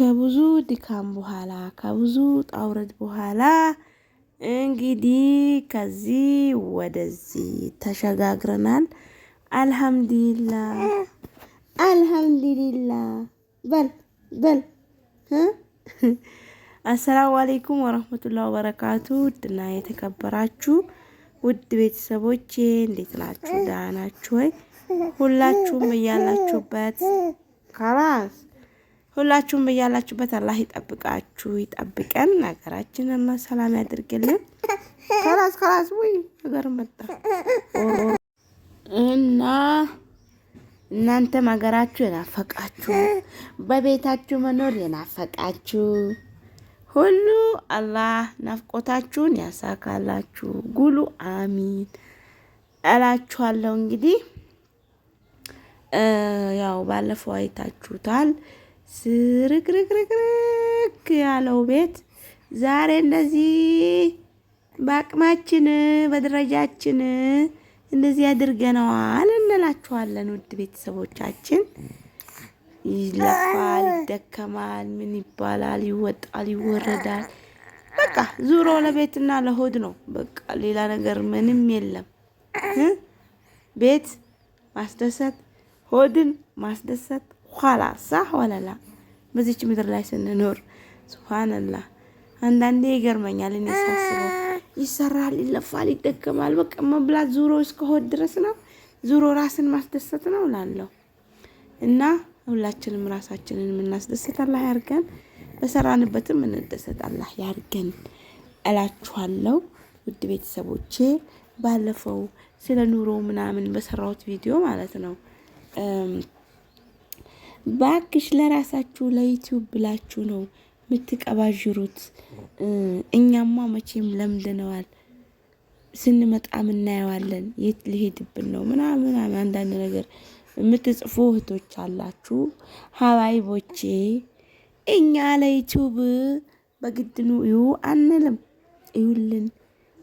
ከብዙ ድካም በኋላ ከብዙ ጣውረድ በኋላ እንግዲህ ከዚህ ወደዚህ ተሸጋግረናል። አልሐምዱሊላ አልሐምዱሊላ። በል በል። አሰላሙ አሌይኩም ወረህመቱላ ወበረካቱ። ውድና የተከበራችሁ ውድ ቤተሰቦቼ እንዴት ናችሁ? ደህና ናችሁ ወይ? ሁላችሁም እያላችሁበት ከራስ ሁላችሁም በያላችሁበት አላህ ይጠብቃችሁ ይጠብቀን። ሀገራችንን ሰላም ያድርግልን። ከላስ ከላስ ወይ ሀገር መጣ እና እናንተም ሀገራችሁ የናፈቃችሁ በቤታችሁ መኖር የናፈቃችሁ ሁሉ አላህ ናፍቆታችሁን ያሳካላችሁ። ጉሉ አሚን እላችኋለሁ። እንግዲህ ያው ባለፈው አይታችሁታል። ስርክርክርክርክ ያለው ቤት ዛሬ እንደዚህ በአቅማችን በደረጃችን እንደዚህ አድርገነዋል እንላችኋለን። ውድ ቤተሰቦቻችን ይለፋል፣ ይደከማል፣ ምን ይባላል፣ ይወጣል፣ ይወረዳል። በቃ ዙሮ ለቤትና ለሆድ ነው። በቃ ሌላ ነገር ምንም የለም። ቤት ማስደሰት፣ ሆድን ማስደሰት ኋላ ሳህ ወለላ በዚች ምድር ላይ ስንኖር ሱብሃንላህ አንዳንዴ ይገርመኛል። እኔ ሳስበው ይሰራል፣ ይለፋል፣ ይደከማል። በቃ መብላት ዙሮ እስከ ድረስ ነው፣ ዙሮ ራስን ማስደሰት ነው እላለሁ እና ሁላችንም ራሳችንን የምናስደሰት አላህ ያርገን፣ በሰራንበትም እንደሰት አላህ ያርገን እላችኋለሁ ውድ ቤተሰቦቼ። ባለፈው ስለ ኑሮ ምናምን በሰራሁት ቪዲዮ ማለት ነው ባክሽ ለራሳችሁ ለዩቲዩብ ብላችሁ ነው የምትቀባዥሩት። እኛማ መቼም ለምደነዋል፣ ስንመጣም እናየዋለን። የት ሊሄድብን ነው ምናምን አንዳንድ ነገር የምትጽፉ እህቶች አላችሁ። ሀባይቦቼ እኛ ለዩቲዩብ በግድኑ እዩ አንልም። እዩልን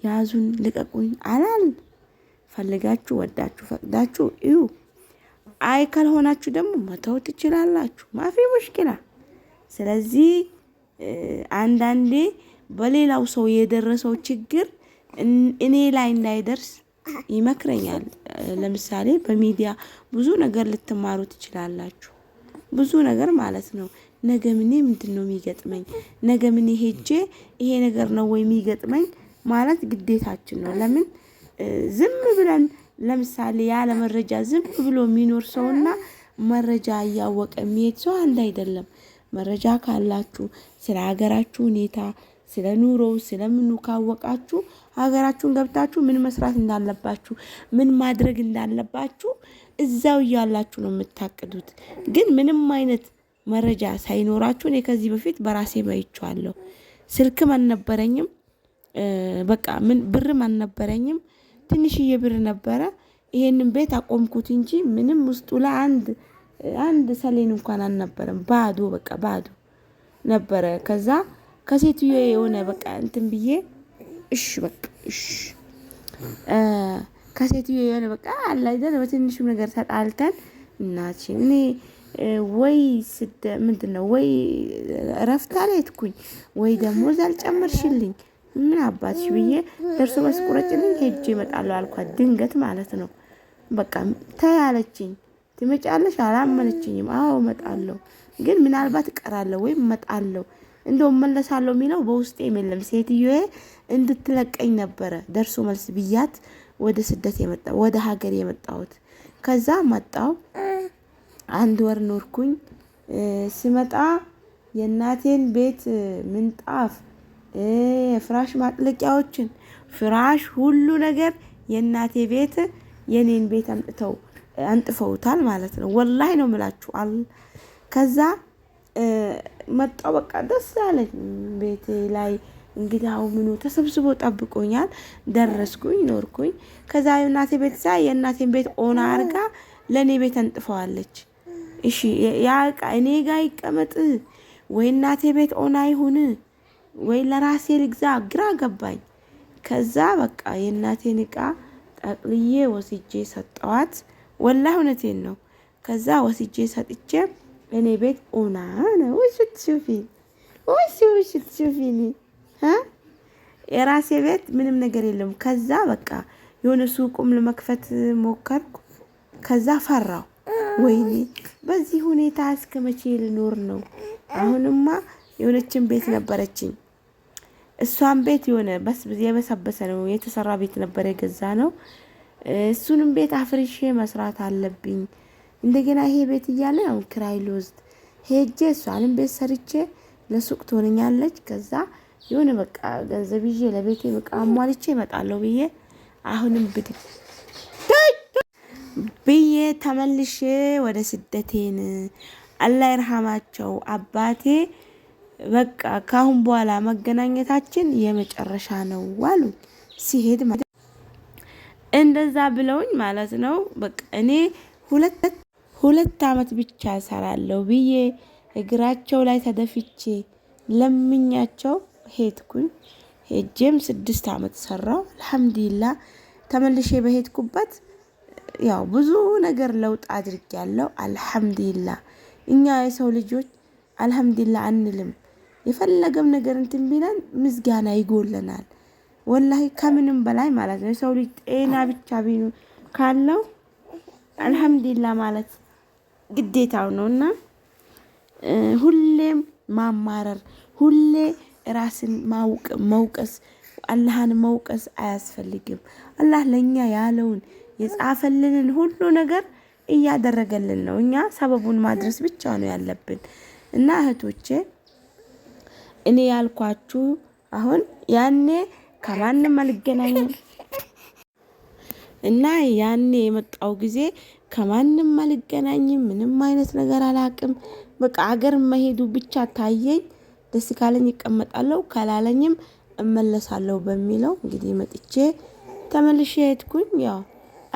ያዙን ልቀቁኝ አላል ፈልጋችሁ ወዳችሁ ፈቅዳችሁ እዩ። አይ ካልሆናችሁ ደግሞ መተው ትችላላችሁ። ማፊ ሙሽኪላ። ስለዚህ አንዳንዴ በሌላው ሰው የደረሰው ችግር እኔ ላይ እንዳይደርስ ይመክረኛል። ለምሳሌ በሚዲያ ብዙ ነገር ልትማሩ ትችላላችሁ። ብዙ ነገር ማለት ነው። ነገ ምኔ ምንድን ነው የሚገጥመኝ? ነገ ምኔ ሄጄ ይሄ ነገር ነው ወይ የሚገጥመኝ ማለት ግዴታችን ነው። ለምን ዝም ብለን ለምሳሌ ያለ መረጃ ዝም ብሎ የሚኖር ሰውና መረጃ እያወቀ የሚሄድ ሰው አንድ አይደለም። መረጃ ካላችሁ ስለ ሀገራችሁ ሁኔታ፣ ስለ ኑሮው፣ ስለምኑ ካወቃችሁ ሀገራችሁን ገብታችሁ ምን መስራት እንዳለባችሁ፣ ምን ማድረግ እንዳለባችሁ እዛው እያላችሁ ነው የምታቅዱት። ግን ምንም አይነት መረጃ ሳይኖራችሁ እኔ ከዚህ በፊት በራሴ ባይቼዋለሁ። ስልክም አልነበረኝም፣ በቃ ምን ብርም አልነበረኝም። ትንሽዬ ብር ነበረ። ይሄንን ቤት አቆምኩት እንጂ ምንም ውስጡ ላይ አንድ አንድ ሰሌን እንኳን አልነበረም። ባዶ በቃ ባዶ ነበረ። ከዛ ከሴትዮ የሆነ በቃ እንትን ብዬ እሽ በቃ እሽ ከሴትዮ የሆነ በቃ አላይደር በትንሹም ነገር ተጣልተን እናች እኔ ወይ ስደ ምንድን ነው ወይ እረፍት አልሄድኩኝ ወይ ደግሞ እዛ አልጨምርሽልኝ ምን አባትሽ ብዬ ደርሶ ባስቆረጭልኝ ሄጄ እመጣለሁ አልኳት። ድንገት ማለት ነው። በቃ ተያለችኝ። ትመጫለሽ? አላመነችኝም። አዎ እመጣለሁ፣ ግን ምናልባት እቀራለሁ ወይም እመጣለሁ እንደው መለሳለሁ የሚለው በውስጤም የለም። ሴትዮዬ እንድትለቀኝ ነበረ ደርሶ መልስ ብያት ወደ ስደት የመጣ ወደ ሀገር የመጣሁት። ከዛ መጣው አንድ ወር ኖርኩኝ። ስመጣ የእናቴን ቤት ምንጣፍ የፍራሽ ማጥለቂያዎችን፣ ፍራሽ፣ ሁሉ ነገር የእናቴ ቤት የኔን ቤት አምጥተው አንጥፈውታል ማለት ነው። ወላሂ ነው ምላችሁ። ከዛ መጣው በቃ ደስ አለኝ። ቤቴ ላይ እንግዳው ምኑ ተሰብስቦ ጠብቆኛል። ደረስኩኝ፣ ኖርኩኝ። ከዛ እናቴ ቤት ሳይ የእናቴን ቤት ኦና አርጋ ለእኔ ቤት አንጥፈዋለች። እሺ ያ እቃ እኔ ጋ ይቀመጥ ወይ እናቴ ቤት ኦና ይሁን ወይ ለራሴ ልግዛ ግራ ገባኝ። ከዛ በቃ የእናቴን እቃ ጠቅልዬ ወስጄ ሰጠዋት። ወላ እውነቴን ነው። ከዛ ወስጄ ሰጥቼ እኔ ቤት ኦና ነው ውሽት ሹፊኒ የራሴ ቤት ምንም ነገር የለም። ከዛ በቃ የሆነ ሱቁም ለመክፈት ሞከርኩ። ከዛ ፈራው። ወይኔ በዚህ ሁኔታ እስከ መቼ ልኖር ነው? አሁንማ የሆነችን ቤት ነበረችኝ እሷን ቤት የሆነ የበሰበሰ ነው የተሰራ ቤት ነበር የገዛ ነው። እሱንም ቤት አፍርሼ መስራት አለብኝ። እንደገና ይሄ ቤት እያለ አሁን ክራይ ልወስድ ሄጄ እሷንም ቤት ሰርቼ ለሱቅ ትሆነኛለች። ከዛ የሆነ በቃ ገንዘብ ይዤ ለቤቴ በቃ አሟልቼ እመጣለሁ ብዬ አሁንም ብድግ ብዬ ተመልሼ ወደ ስደቴን አላ ይርሃማቸው አባቴ በቃ ካሁን በኋላ መገናኘታችን የመጨረሻ ነው አሉኝ። ሲሄድ ማለት እንደዛ ብለውኝ ማለት ነው። በቃ እኔ ሁለት ሁለት አመት ብቻ ሰራለሁ ብዬ እግራቸው ላይ ተደፍቼ ለምኛቸው ሄድኩኝ። ሄጄም ስድስት አመት ሰራው። አልሐምዱሊላ ተመልሼ በሄድኩበት ያው ብዙ ነገር ለውጥ አድርጌያለሁ። አልሐምዱሊላ እኛ የሰው ልጆች አልሐምዱሊላ አንልም። የፈለገም ነገር እንትን ቢለን ምስጋና ይጎለናል። ወላሂ ከምንም በላይ ማለት ነው። የሰው ልጅ ጤና ብቻ ቢኑ ካለው አልሐምዱሊላ ማለት ግዴታው ነው እና ሁሌም ማማረር፣ ሁሌ ራስን ማውቅ መውቀስ፣ አላህን መውቀስ አያስፈልግም። አላህ ለእኛ ያለውን የጻፈልንን ሁሉ ነገር እያደረገልን ነው። እኛ ሰበቡን ማድረስ ብቻ ነው ያለብን እና እህቶቼ እኔ ያልኳችሁ አሁን ያኔ ከማንም አልገናኝም እና ያኔ የመጣው ጊዜ ከማንም አልገናኝም፣ ምንም አይነት ነገር አላቅም። በቃ አገር መሄዱ ብቻ ታየኝ። ደስ ካለኝ ይቀመጣለሁ፣ ካላለኝም እመለሳለሁ በሚለው እንግዲህ መጥቼ ተመልሼ ሄድኩኝ። ያው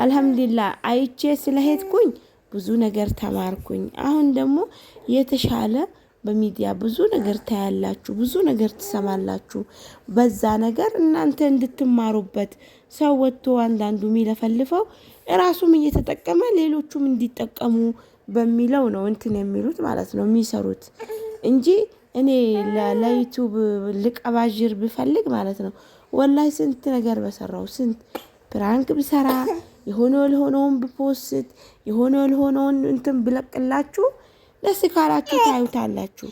አልሐምዱሊላ አይቼ ስለሄድኩኝ ብዙ ነገር ተማርኩኝ። አሁን ደግሞ የተሻለ በሚዲያ ብዙ ነገር ታያላችሁ፣ ብዙ ነገር ትሰማላችሁ። በዛ ነገር እናንተ እንድትማሩበት ሰው ወጥቶ አንዳንዱ የሚለፈልፈው እራሱም እየተጠቀመ ሌሎቹም እንዲጠቀሙ በሚለው ነው እንትን የሚሉት ማለት ነው የሚሰሩት እንጂ እኔ ለዩቱብ ልቀባዥር ብፈልግ ማለት ነው ወላይ ስንት ነገር በሰራው ስንት ፕራንክ ብሰራ የሆነ ልሆነውን ብፖስት የሆነ ልሆነውን እንትን ብለቅላችሁ ደስ ካላችሁ ታዩታላችሁ፣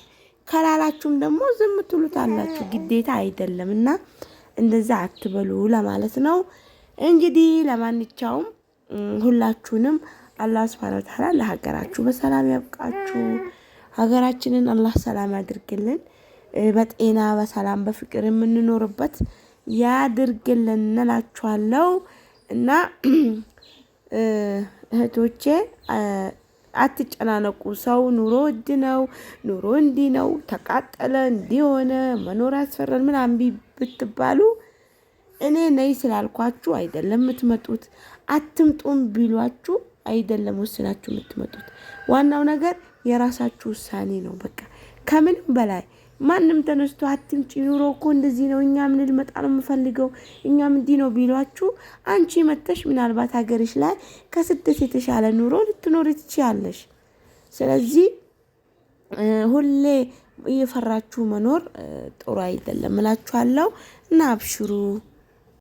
ከላላችሁም ደግሞ ዝም ትሉታላችሁ። ግዴታ አይደለም እና እንደዛ አትበሉ ለማለት ነው። እንግዲህ ለማንኛውም ሁላችሁንም አላህ ሱብሓነሁ ወተዓላ ለሀገራችሁ በሰላም ያብቃችሁ። ሀገራችንን አላህ ሰላም ያድርግልን። በጤና በሰላም በፍቅር የምንኖርበት ያድርግልን እንላችኋለሁ እና እህቶቼ አትጨናነቁ። ሰው ኑሮ ውድ ነው፣ ኑሮ እንዲህ ነው፣ ተቃጠለ፣ እንዲሆነ መኖር ያስፈራል ምናምን ብትባሉ እኔ ነይ ስላልኳችሁ አይደለም የምትመጡት። አትምጡም ቢሏችሁ አይደለም ወስናችሁ የምትመጡት። ዋናው ነገር የራሳችሁ ውሳኔ ነው። በቃ ከምንም በላይ ማንም ተነስቶ አትምጪ ኑሮ እኮ እንደዚህ ነው፣ እኛ ምን ልመጣ ነው የምፈልገው፣ እኛም እንዲህ ነው ቢሏችሁ፣ አንቺ መጥተሽ ምናልባት ሀገርሽ ላይ ከስደት የተሻለ ኑሮ ልትኖር ትችያለሽ። ስለዚህ ሁሌ እየፈራችሁ መኖር ጥሩ አይደለም እላችኋለሁ እና አብሽሩ።